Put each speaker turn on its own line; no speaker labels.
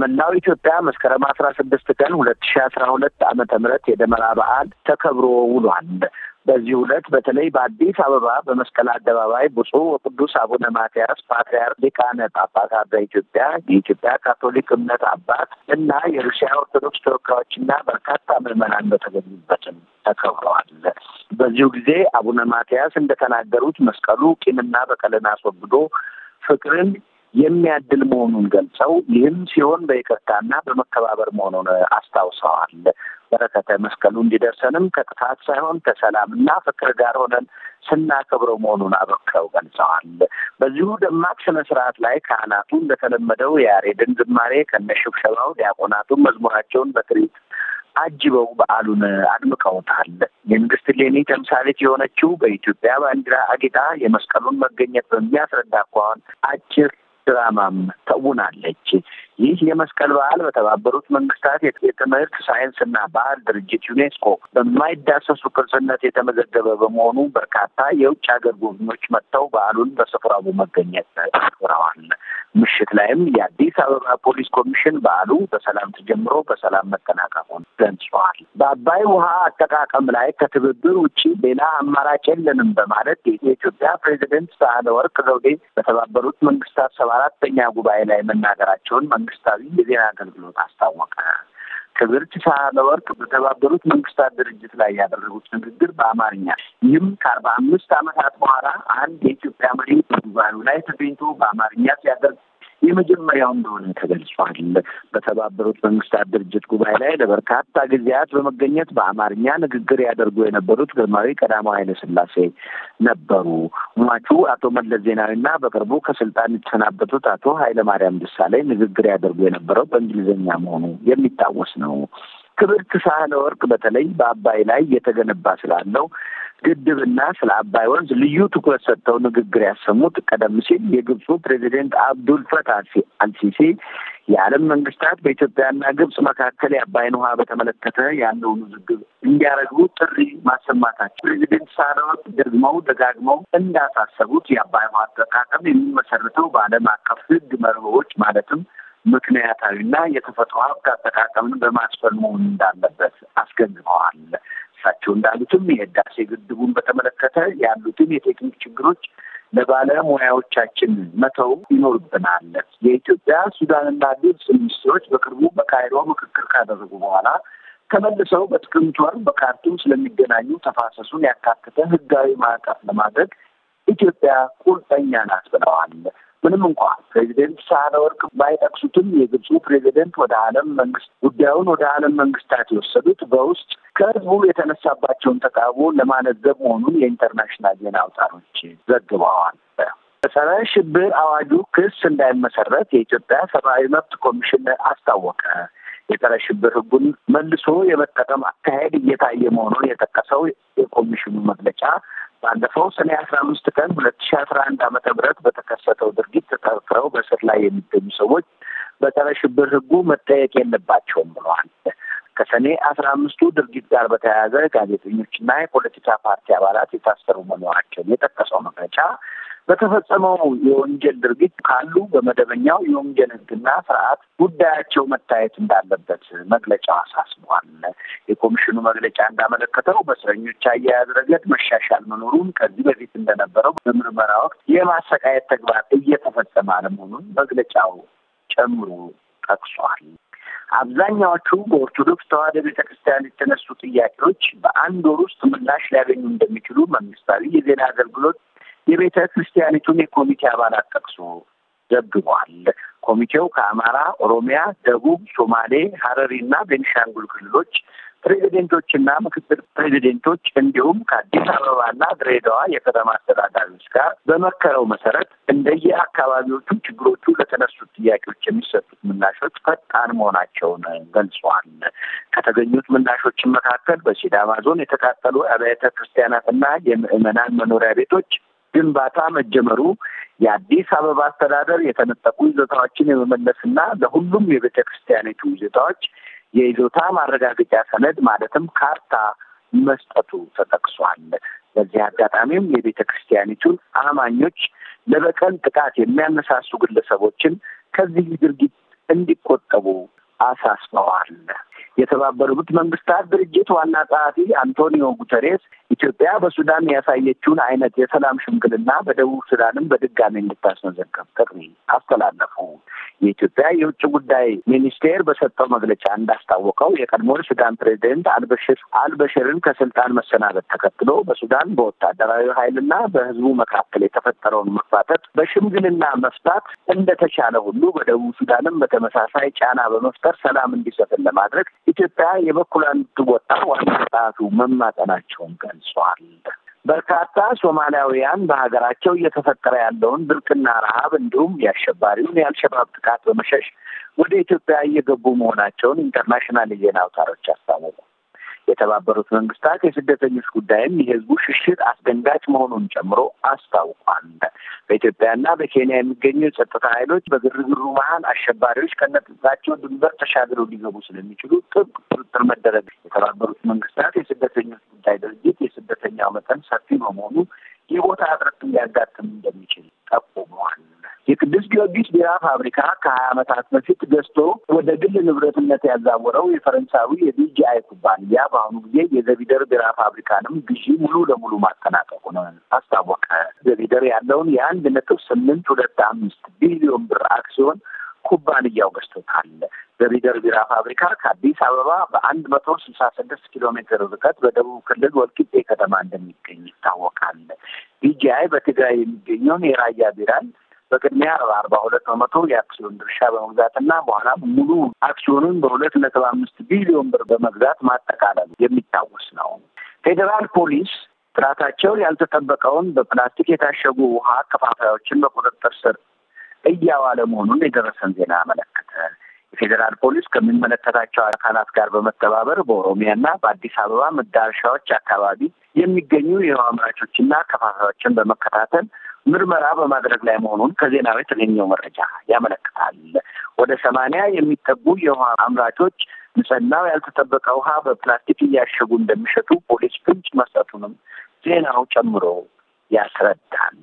በመላው ኢትዮጵያ መስከረም አስራ ስድስት ቀን ሁለት ሺ አስራ ሁለት ዓመተ ምህረት የደመራ በዓል ተከብሮ ውሏል። በዚህ ዕለት በተለይ በአዲስ አበባ በመስቀል አደባባይ ብፁዕ ወቅዱስ አቡነ ማትያስ ፓትርያርክ ሊቃነ ጳጳሳት በኢትዮጵያ የኢትዮጵያ ካቶሊክ እምነት አባት እና የሩሲያ ኦርቶዶክስ ተወካዮችና በርካታ ምዕመናን በተገኙበትም ተከብረዋል። በዚሁ ጊዜ አቡነ ማትያስ እንደተናገሩት መስቀሉ ቂምና በቀልን አስወግዶ ፍቅርን የሚያድል መሆኑን ገልጸው ይህም ሲሆን በይቅርታና በመከባበር መሆኑን አስታውሰዋል። በረከተ መስቀሉ እንዲደርሰንም ከጥፋት ሳይሆን ከሰላምና ፍቅር ጋር ሆነን ስናከብረው መሆኑን አበክረው ገልጸዋል። በዚሁ ደማቅ ስነ ስርዓት ላይ ካህናቱ እንደተለመደው የያሬድን ዝማሬ ከነሽብሸባው ዲያቆናቱ መዝሙራቸውን በትርኢት አጅበው በዓሉን አድምቀውታል። የንግስት ሌኒ ተምሳሌት የሆነችው በኢትዮጵያ ባንዲራ አጌጣ የመስቀሉን መገኘት በሚያስረዳ አኳኋን አጭር ድራማም ተውናለች። ይህ የመስቀል በዓል በተባበሩት መንግስታት የትምህርት ሳይንስና ባህል ድርጅት ዩኔስኮ በማይዳሰሱ ቅርስነት የተመዘገበ በመሆኑ በርካታ የውጭ ሀገር ጎብኞች መጥተው በዓሉን በስፍራው በመገኘት አክብረዋል። ምሽት ላይም የአዲስ አበባ ፖሊስ ኮሚሽን በዓሉ በሰላም ተጀምሮ በሰላም መጠናቀቁን ገልጸዋል። በአባይ ውሃ አጠቃቀም ላይ ከትብብር ውጭ ሌላ አማራጭ የለንም በማለት የኢትዮጵያ ፕሬዚደንት ወርቅ ዘውዴ በተባበሩት መንግስታት ሰባ አራተኛ ጉባኤ ላይ መናገራቸውን መንግስታዊ የዜና አገልግሎት አስታወቀ። ክብርት ወርቅ በተባበሩት መንግስታት ድርጅት ላይ ያደረጉት ንግግር በአማርኛ ይህም ከአርባ አምስት ዓመታት በኋላ አንድ የኢትዮጵያ መሪ በጉባኤው ላይ ተገኝቶ በአማርኛ ሲያደርግ የመጀመሪያው እንደሆነ ተገልጿል። በተባበሩት መንግስታት ድርጅት ጉባኤ ላይ ለበርካታ ጊዜያት በመገኘት በአማርኛ ንግግር ያደርጉ የነበሩት ግርማዊ ቀዳማዊ ኃይለ ሥላሴ ነበሩ። ሟቹ አቶ መለስ ዜናዊና በቅርቡ ከስልጣን የተሰናበቱት አቶ ኃይለማርያም ደሳለኝ ንግግር ያደርጉ የነበረው በእንግሊዝኛ መሆኑ የሚታወስ ነው። ክብርት ወርቅ በተለይ በአባይ ላይ እየተገነባ ስላለው ግድብና ስለ አባይ ወንዝ ልዩ ትኩረት ሰጥተው ንግግር ያሰሙት ቀደም ሲል የግብፁ ፕሬዚደንት አብዱል ፈታህ አልሲሲ የዓለም መንግስታት በኢትዮጵያና ግብጽ መካከል የአባይን ውሃ በተመለከተ ያለውን ውዝግብ እንዲያረግቡ ጥሪ ማሰማታቸው ፕሬዚደንት ሳህለወርቅ ደግመው ደጋግመው እንዳሳሰቡት የአባይ ውሃ አጠቃቀም የሚመሰርተው በዓለም አቀፍ ሕግ መርሆዎች ማለትም ምክንያታዊና የተፈጥሮ ሀብት አጠቃቀምን በማስፈል መሆን እንዳለበት አስገንዝበዋል። እሳቸው እንዳሉትም የህዳሴ ግድቡን በተመለከተ ያሉትን የቴክኒክ ችግሮች ለባለሙያዎቻችን መተው ይኖርብናል። የኢትዮጵያ ሱዳንና ግብጽ ሚኒስትሮች በቅርቡ በካይሮ ምክክር ካደረጉ በኋላ ተመልሰው በጥቅምት ወር በካርቱም ስለሚገናኙ ተፋሰሱን ያካተተ ህጋዊ ማዕቀፍ ለማድረግ ኢትዮጵያ ቁርጠኛ ናት ብለዋል። ምንም እንኳ ፕሬዚደንት ሳህለ ወርቅ ባይጠቅሱትም የግብፁ ፕሬዚደንት ወደ ዓለም መንግስት ጉዳዩን ወደ ዓለም መንግስታት የወሰዱት በውስጥ ከህዝቡ የተነሳባቸውን ተቃውሞ ለማለዘብ መሆኑን የኢንተርናሽናል ዜና አውታሮች ዘግበዋል። በጸረ ሽብር አዋጁ ክስ እንዳይመሰረት የኢትዮጵያ ሰብአዊ መብት ኮሚሽን አስታወቀ። የጸረ ሽብር ህጉን መልሶ የመጠቀም አካሄድ እየታየ መሆኑን የጠቀሰው የኮሚሽኑ መግለጫ ባለፈው ሰኔ አስራ አምስት ቀን ሁለት ሺ አስራ አንድ አመተ ምህረት በተከሰተው ድርጊት ተጠርጥረው በእስር ላይ የሚገኙ ሰዎች በጸረ ሽብር መጠየቅ የለባቸውም ብለዋል። ከሰኔ አስራ አምስቱ ድርጊት ጋር በተያያዘ ጋዜጠኞችና የፖለቲካ ፓርቲ አባላት የታሰሩ መኖራቸውን የጠቀሰው መግለጫ በተፈጸመው የወንጀል ድርጊት ካሉ በመደበኛው የወንጀል ሕግና ስርዓት ጉዳያቸው መታየት እንዳለበት መግለጫው አሳስቧል። የኮሚሽኑ መግለጫ እንዳመለከተው በእስረኞች አያያዝ ረገድ መሻሻል መኖሩን ከዚህ በፊት እንደነበረው በምርመራ ወቅት የማሰቃየት ተግባር እየተፈጸመ አለመሆኑን መግለጫው ጨምሮ ጠቅሷል። አብዛኛዎቹ በኦርቶዶክስ ተዋህዶ ቤተ ክርስቲያን የተነሱ ጥያቄዎች በአንድ ወር ውስጥ ምላሽ ሊያገኙ እንደሚችሉ መንግስታዊ የዜና አገልግሎት የቤተ ክርስቲያኒቱን የኮሚቴ አባላት ጠቅሶ ዘግቧል። ኮሚቴው ከአማራ፣ ኦሮሚያ፣ ደቡብ፣ ሶማሌ፣ ሀረሪ ና ቤንሻንጉል ክልሎች ፕሬዚደንቶችና ምክትል ፕሬዚደንቶች እንዲሁም ከአዲስ አበባና ድሬዳዋ የከተማ አስተዳዳሪዎች ጋር በመከረው መሰረት እንደየ አካባቢዎቹ ችግሮቹ ለተነሱት ጥያቄዎች የሚሰጡት ምላሾች ፈጣን መሆናቸውን ገልጸዋል። ከተገኙት ምላሾችን መካከል በሲዳማ ዞን የተቃጠሉ አብያተ ክርስቲያናትና የምዕመናን መኖሪያ ቤቶች ግንባታ መጀመሩ የአዲስ አበባ አስተዳደር የተነጠቁ ይዞታዎችን የመመለስና ለሁሉም የቤተ ክርስቲያኒቱ ይዞታዎች የይዞታ ማረጋገጫ ሰነድ ማለትም ካርታ መስጠቱ ተጠቅሷል። በዚህ አጋጣሚም የቤተ ክርስቲያኒቱን አማኞች ለበቀል ጥቃት የሚያነሳሱ ግለሰቦችን ከዚህ ድርጊት እንዲቆጠቡ አሳስበዋል። የተባበሩት መንግስታት ድርጅት ዋና ጸሐፊ አንቶኒዮ ጉተሬስ ኢትዮጵያ በሱዳን ያሳየችውን አይነት የሰላም ሽምግልና በደቡብ ሱዳንም በድጋሚ እንድታስመዘገብ ጥሪ አስተላለፉ። የኢትዮጵያ የውጭ ጉዳይ ሚኒስቴር በሰጠው መግለጫ እንዳስታወቀው የቀድሞ ሱዳን ፕሬዚደንት አልበሽር አልበሽርን ከስልጣን መሰናበት ተከትሎ በሱዳን በወታደራዊ ኃይልና በህዝቡ መካከል የተፈጠረውን መፋጠጥ በሽምግልና መፍታት እንደተቻለ ሁሉ በደቡብ ሱዳንም በተመሳሳይ ጫና በመፍጠር ሰላም እንዲሰፍን ለማድረግ ኢትዮጵያ የበኩሏን ትወጣ ዋና ጸሐፊው መማጠናቸውን ገልጸዋል። በርካታ ሶማሊያውያን በሀገራቸው እየተፈጠረ ያለውን ድርቅና ረሀብ እንዲሁም የአሸባሪውን የአልሸባብ ጥቃት በመሸሽ ወደ ኢትዮጵያ እየገቡ መሆናቸውን ኢንተርናሽናል የዜና አውታሮች አስታወቁ። የተባበሩት መንግስታት የስደተኞች ጉዳይም የህዝቡ ሽሽት አስደንጋጭ መሆኑን ጨምሮ አስታውቋል። በኢትዮጵያና በኬንያ የሚገኙ የጸጥታ ኃይሎች በግርግሩ መሀል አሸባሪዎች ከነጥቃቸው ድንበር ተሻግረው ሊገቡ ስለሚችሉ ጥብቅ ቁጥጥር መደረግ የተባበሩት መንግስታት የስደተኞች መጠን ሰፊ በመሆኑ የቦታ እጥረት ሊያጋጥም እንደሚችል ጠቁመዋል። የቅዱስ ጊዮርጊስ ቢራ ፋብሪካ ከሀያ ዓመታት በፊት ገዝቶ ወደ ግል ንብረትነት ያዛወረው የፈረንሳዊ የቢጂአይ ኩባንያ በአሁኑ ጊዜ የዘቢደር ቢራ ፋብሪካንም ግዢ ሙሉ ለሙሉ ማጠናቀቁ ነው አስታወቀ። ዘቢደር ያለውን የአንድ ነጥብ ስምንት ሁለት አምስት ቢሊዮን ብር አክሲዮን ኩባንያው ገዝቶታል። በቢደር ቢራ ፋብሪካ ከአዲስ አበባ በአንድ መቶ ስልሳ ስድስት ኪሎ ሜትር ርቀት በደቡብ ክልል ወልቂጤ ከተማ እንደሚገኝ ይታወቃል። ቢጂአይ በትግራይ የሚገኘውን የራያ ቢራን በቅድሚያ አርባ ሁለት በመቶ የአክሲዮን ድርሻ በመግዛትና በኋላም ሙሉ አክሲዮኑን በሁለት ነጥብ አምስት ቢሊዮን ብር በመግዛት ማጠቃለሉ የሚታወስ ነው። ፌዴራል ፖሊስ ጥራታቸው ያልተጠበቀውን በፕላስቲክ የታሸጉ ውሃ አከፋፋዮችን በቁጥጥር ስር እያዋለ መሆኑን የደረሰን ዜና አመለከተ። ፌዴራል ፖሊስ ከሚመለከታቸው አካላት ጋር በመተባበር በኦሮሚያና በአዲስ አበባ መዳረሻዎች አካባቢ የሚገኙ የውሃ አምራቾችና ከፋፋዮችን በመከታተል ምርመራ በማድረግ ላይ መሆኑን ከዜናው የተገኘው መረጃ ያመለክታል። ወደ ሰማንያ የሚጠጉ የውሃ አምራቾች ንጽህናው ያልተጠበቀ ውሃ በፕላስቲክ እያሸጉ እንደሚሸጡ ፖሊስ ፍንጭ መስጠቱንም ዜናው ጨምሮ ያስረዳል።